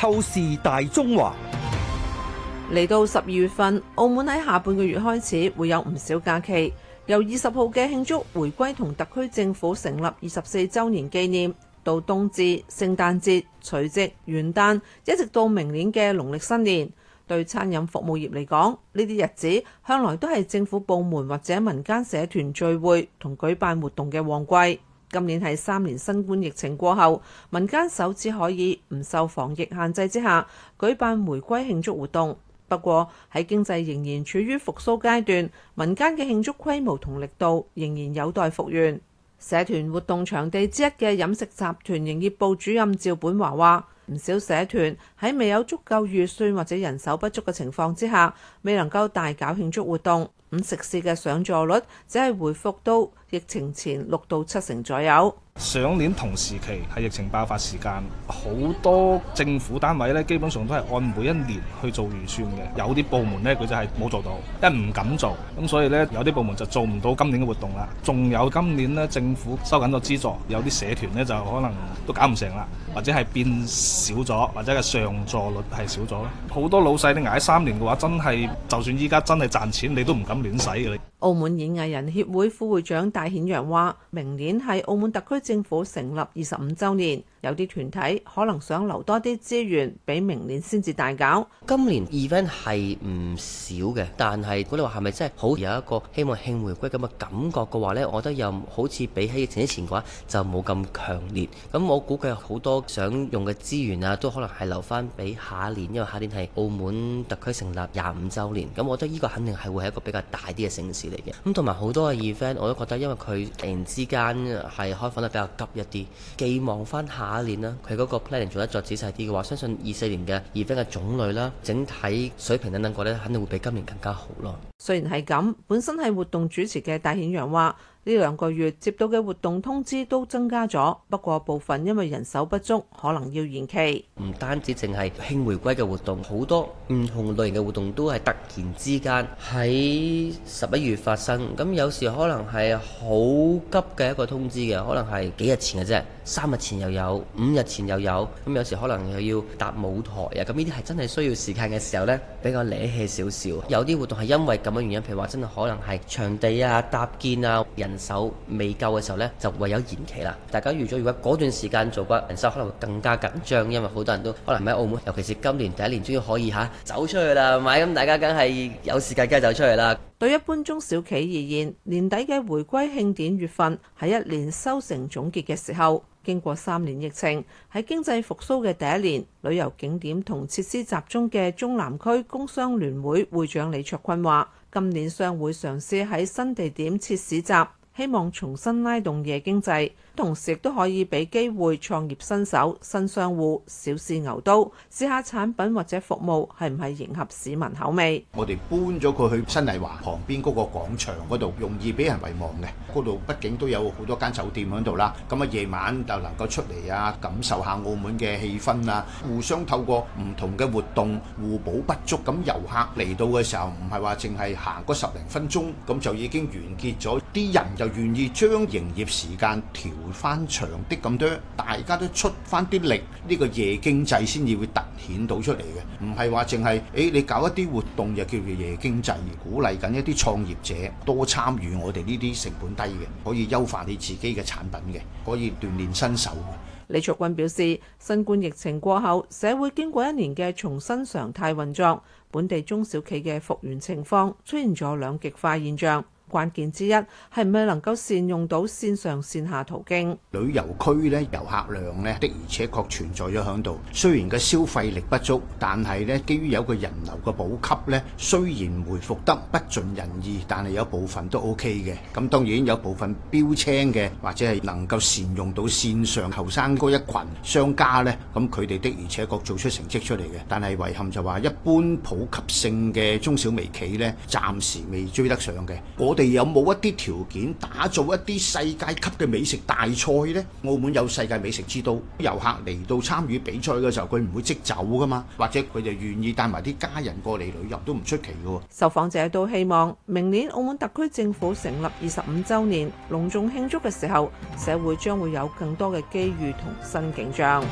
透視大中華，嚟到十二月份，澳門喺下半個月開始會有唔少假期，由二十號嘅慶祝回歸同特區政府成立二十四周年紀念，到冬至、聖誕節、除夕、元旦，一直到明年嘅農曆新年。對餐飲服務業嚟講，呢啲日子向來都係政府部門或者民間社團聚會同舉辦活動嘅旺季。今年係三年新冠疫情過後，民間首次可以唔受防疫限制之下舉辦回歸慶祝活動。不過喺經濟仍然處於復甦階段，民間嘅慶祝規模同力度仍然有待復原。社團活動場地之一嘅飲食集團營業部主任趙本華話：唔少社團喺未有足夠預算或者人手不足嘅情況之下，未能夠大搞慶祝活動，五食肆嘅上座率只係回復到疫情前六到七成左右。上年同時期係疫情爆發時間，好多政府單位呢基本上都係按每一年去做預算嘅。有啲部門呢，佢就係冇做到，因為唔敢做，咁所以呢，有啲部門就做唔到今年嘅活動啦。仲有今年呢，政府收緊咗資助，有啲社團呢就可能都搞唔成啦，或者係變少咗，或者係上座率係少咗咯。好多老細你捱三年嘅話，真係就算依家真係賺錢，你都唔敢亂使嘅。澳門演藝人協會副會長戴顯揚話：明年係澳門特區政府成立二十五周年，有啲團體可能想留多啲資源，俾明年先至大搞。今年 event 係唔少嘅，但係如果你話係咪真係好有一個希望慶回歸咁嘅感覺嘅話呢，我覺得又好似比起疫情之前嘅話就冇咁強烈。咁我估計好多想用嘅資源啊，都可能係留翻俾下一年，因為下年係澳門特區成立廿五周年。咁我覺得呢個肯定係會係一個比較大啲嘅盛事。咁同埋好多嘅 event，我都覺得因為佢突然之間係開放得比較急一啲，寄望翻下一年啦，佢嗰個 planning 做得再仔細啲嘅話，相信二四年嘅 event 嘅種類啦、整體水平等等嗰啲，肯定會比今年更加好咯。雖然係咁，本身係活動主持嘅戴顯揚話。呢兩個月接到嘅活動通知都增加咗，不過部分因為人手不足，可能要延期。唔單止淨係慶回歸嘅活動，好多唔同類型嘅活動都係突然之間喺十一月發生。咁有時可能係好急嘅一個通知嘅，可能係幾日前嘅啫，三日前又有，五日前又有。咁有時可能又要搭舞台啊。咁呢啲係真係需要時間嘅時候呢，比較喇氣少少。有啲活動係因為咁嘅原因，譬如話真係可能係場地啊、搭建啊、人。手未夠嘅時候呢，就唯有延期啦。大家預咗如果嗰段時間做過，人手，可能會更加緊張，因為好多人都可能喺澳門，尤其是今年第一年終於可以走出去啦。咁大家梗係有時間梗係走出去啦。對一般中小企而言，年底嘅回歸慶典月份係一年收成總結嘅時候。經過三年疫情喺經濟復甦嘅第一年，旅遊景點同設施集中嘅中南區工商聯會會長李卓坤話：今年商會嘗試喺新地點設市集。希望重新拉動夜經濟。同時亦都可以俾機會創業新手、新商戶、小試牛刀，試下產品或者服務係唔係迎合市民口味。我哋搬咗佢去新麗華旁邊嗰個廣場嗰度，容易俾人遺忘嘅嗰度，畢竟都有好多間酒店喺度啦。咁啊，夜晚就能夠出嚟啊，感受下澳門嘅氣氛啊。互相透過唔同嘅活動互補不足，咁遊客嚟到嘅時候唔係話淨係行嗰十零分鐘，咁就已經完結咗。啲人就願意將營業時間調。翻長啲咁多，大家都出翻啲力，呢個夜經濟先至會突顯到出嚟嘅，唔係話淨係誒你搞一啲活動就叫做夜經濟，鼓勵緊一啲創業者多參與我哋呢啲成本低嘅，可以優化你自己嘅產品嘅，可以鍛鍊新手。李卓君表示，新冠疫情過後，社會經過一年嘅重新常態運作，本地中小企嘅復原情況出現咗兩極化現象。關鍵之一係咪能夠善用到線上線下途徑？旅遊區呢？遊客量呢，的而且確存在咗喺度。雖然個消費力不足，但係呢，基於有個人流嘅補給呢，雖然回復得不盡人意，但係有部分都 OK 嘅。咁當然有部分標青嘅或者係能夠善用到線上後生嗰一群商家呢。咁佢哋的而且確做出成績出嚟嘅。但係遺憾就話一般普及性嘅中小微企呢，暫時未追得上嘅。哋有冇一啲條件打造一啲世界級嘅美食大賽呢？澳門有世界美食之都，遊客嚟到參與比賽嘅時候，佢唔會即走噶嘛，或者佢就願意帶埋啲家人過嚟旅遊都唔出奇嘅。受訪者都希望明年澳門特區政府成立二十五週年隆重慶祝嘅時候，社會將會有更多嘅機遇同新景象。